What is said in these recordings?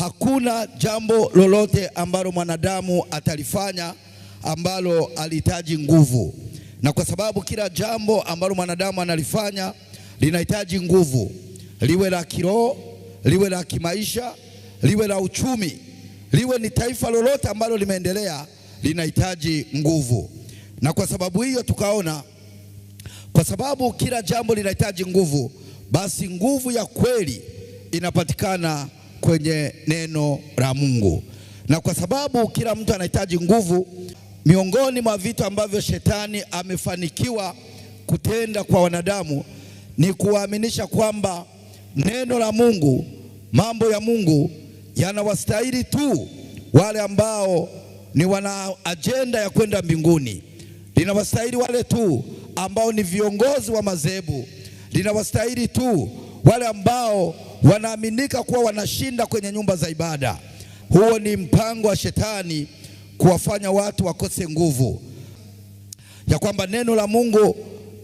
Hakuna jambo lolote ambalo mwanadamu atalifanya ambalo alihitaji nguvu, na kwa sababu kila jambo ambalo mwanadamu analifanya linahitaji nguvu, liwe la kiroho, liwe la kimaisha, liwe la uchumi, liwe ni taifa lolote ambalo limeendelea linahitaji nguvu. Na kwa sababu hiyo tukaona, kwa sababu kila jambo linahitaji nguvu, basi nguvu ya kweli inapatikana kwenye neno la Mungu, na kwa sababu kila mtu anahitaji nguvu, miongoni mwa vitu ambavyo shetani amefanikiwa kutenda kwa wanadamu ni kuwaaminisha kwamba neno la Mungu, mambo ya Mungu yanawastahili tu wale ambao ni wana ajenda ya kwenda mbinguni, linawastahili wale tu ambao ni viongozi wa madhehebu, linawastahili tu wale ambao wanaaminika kuwa wanashinda kwenye nyumba za ibada. Huo ni mpango wa shetani kuwafanya watu wakose nguvu, ya kwamba neno la Mungu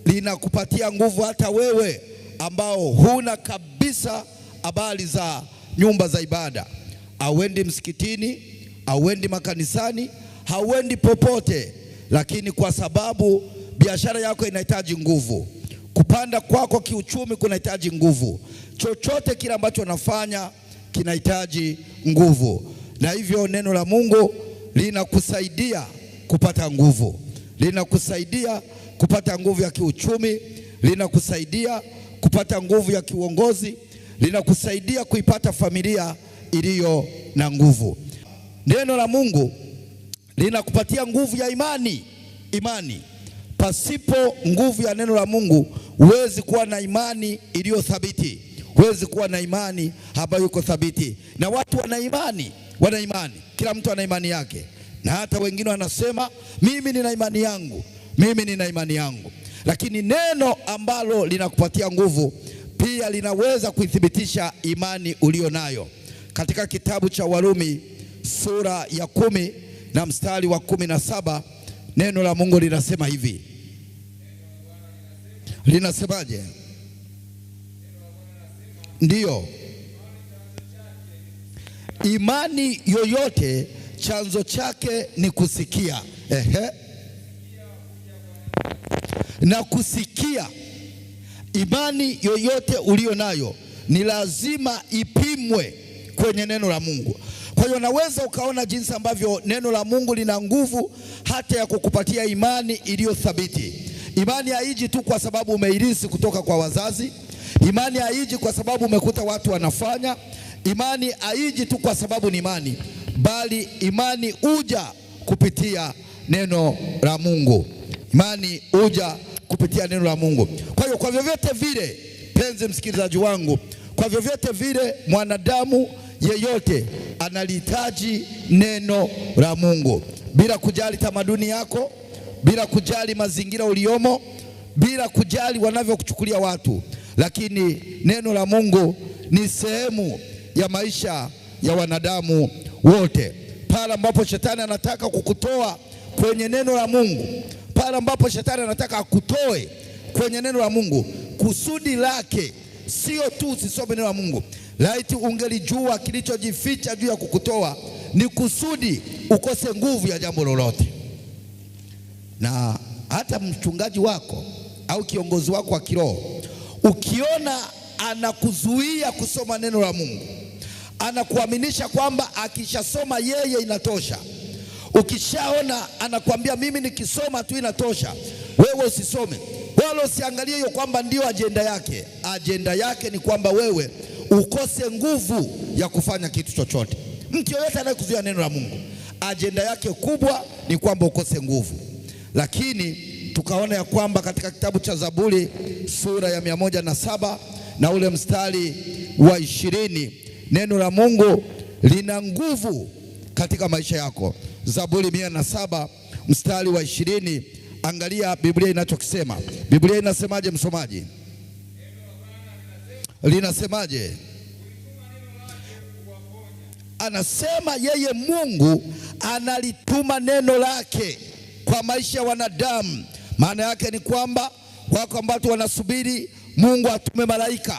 linakupatia nguvu hata wewe ambao huna kabisa habari za nyumba za ibada, hauendi msikitini, hauendi makanisani, hauendi popote, lakini kwa sababu biashara yako inahitaji nguvu Kupanda kwako kiuchumi kunahitaji nguvu. Chochote kile ambacho unafanya kinahitaji nguvu, na hivyo neno la Mungu linakusaidia kupata nguvu, linakusaidia kupata nguvu ya kiuchumi, linakusaidia kupata nguvu ya kiuongozi, linakusaidia kuipata familia iliyo na nguvu. Neno la Mungu linakupatia nguvu ya imani, imani Pasipo nguvu ya neno la Mungu huwezi kuwa na imani iliyo thabiti, huwezi kuwa na imani ambayo iko thabiti. Na watu wana imani, wana imani, kila mtu ana imani yake, na hata wengine wanasema mimi nina imani yangu, mimi nina imani yangu, lakini neno ambalo linakupatia nguvu pia linaweza kuithibitisha imani uliyo nayo. Katika kitabu cha Warumi sura ya kumi na mstari wa kumi na saba neno la Mungu linasema hivi linasemaje? Ndiyo, imani yoyote chanzo chake ni kusikia. Ehe, na kusikia, imani yoyote uliyo nayo ni lazima ipimwe kwenye neno la Mungu. Kwa hiyo naweza ukaona jinsi ambavyo neno la Mungu lina nguvu hata ya kukupatia imani iliyo thabiti. Imani haiji tu kwa sababu umeirisi kutoka kwa wazazi. Imani haiji kwa sababu umekuta watu wanafanya. Imani haiji tu kwa sababu ni imani, bali imani uja kupitia neno la Mungu. Imani uja kupitia neno la Mungu. Kwa hiyo kwa vyovyote vile, penzi msikilizaji wangu, kwa vyovyote vile mwanadamu yeyote analihitaji neno la Mungu, bila kujali tamaduni yako bila kujali mazingira uliomo, bila kujali wanavyokuchukulia watu, lakini neno la Mungu ni sehemu ya maisha ya wanadamu wote. Pale ambapo shetani anataka kukutoa kwenye neno la Mungu, pale ambapo shetani anataka akutoe kwenye neno la Mungu, kusudi lake sio tu usisome neno la Mungu. Laiti ungelijua kilichojificha juu ya kukutoa, ni kusudi ukose nguvu ya jambo lolote na hata mchungaji wako au kiongozi wako wa kiroho, ukiona anakuzuia kusoma neno la Mungu, anakuaminisha kwamba akishasoma yeye inatosha. Ukishaona anakuambia mimi nikisoma tu inatosha, wewe usisome, wala usiangalie hiyo kwamba ndiyo ajenda yake. Ajenda yake ni kwamba wewe ukose nguvu ya kufanya kitu chochote. Mtu yoyote anayekuzuia neno la Mungu, ajenda yake kubwa ni kwamba ukose nguvu. Lakini tukaona ya kwamba katika kitabu cha Zaburi sura ya mia moja na saba na ule mstari wa ishirini neno la Mungu lina nguvu katika maisha yako. Zaburi mia na saba mstari wa ishirini. Angalia Biblia inachokisema. Biblia inasemaje, msomaji? Linasemaje? Anasema yeye Mungu analituma neno lake kwa maisha ya wanadamu. Maana yake ni kwamba wako watu wanasubiri Mungu atume malaika,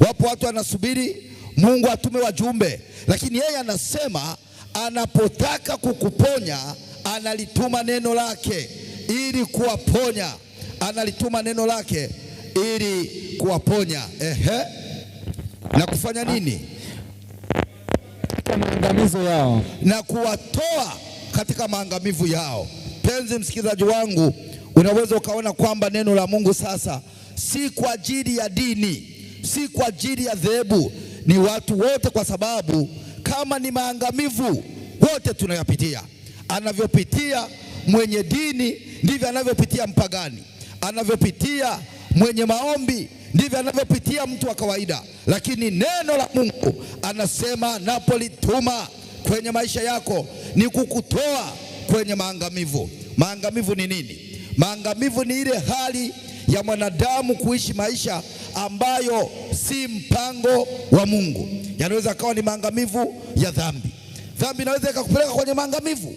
wapo watu wanasubiri Mungu atume wajumbe, lakini yeye anasema anapotaka kukuponya analituma neno lake ili kuwaponya, analituma neno lake ili kuwaponya. Ehe, na kufanya nini? Katika maangamizo yao, na kuwatoa katika maangamivu yao. Mpenzi msikilizaji wangu, unaweza ukaona kwamba neno la Mungu sasa si kwa ajili ya dini, si kwa ajili ya dhehebu, ni watu wote, kwa sababu kama ni maangamivu wote tunayapitia. Anavyopitia mwenye dini ndivyo anavyopitia mpagani, anavyopitia mwenye maombi ndivyo anavyopitia mtu wa kawaida. Lakini neno la Mungu anasema napolituma kwenye maisha yako ni kukutoa kwenye maangamivu. Maangamivu ni nini? Maangamivu ni ile hali ya mwanadamu kuishi maisha ambayo si mpango wa Mungu. Yanaweza kawa ni maangamivu ya dhambi. Dhambi inaweza ikakupeleka kwenye maangamivu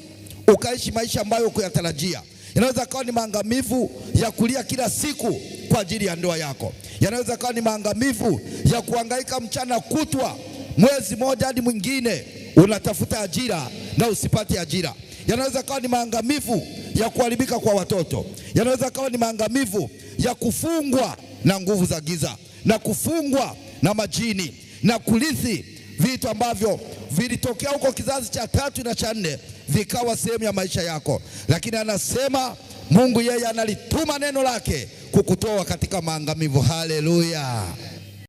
ukaishi maisha ambayo kuyatarajia. Yanaweza kawa ni maangamivu ya kulia kila siku kwa ajili ya ndoa yako. Yanaweza kawa ni maangamivu ya kuhangaika mchana kutwa mwezi moja hadi mwingine unatafuta ajira na usipate ajira. Yanaweza kawa ni maangamivu ya kuharibika kwa watoto, yanaweza kawa ni maangamivu ya kufungwa na nguvu za giza na kufungwa na majini na kurithi vitu ambavyo vilitokea huko kizazi cha tatu na cha nne vikawa sehemu ya maisha yako. Lakini anasema Mungu yeye analituma neno lake kukutoa katika maangamivu. Haleluya!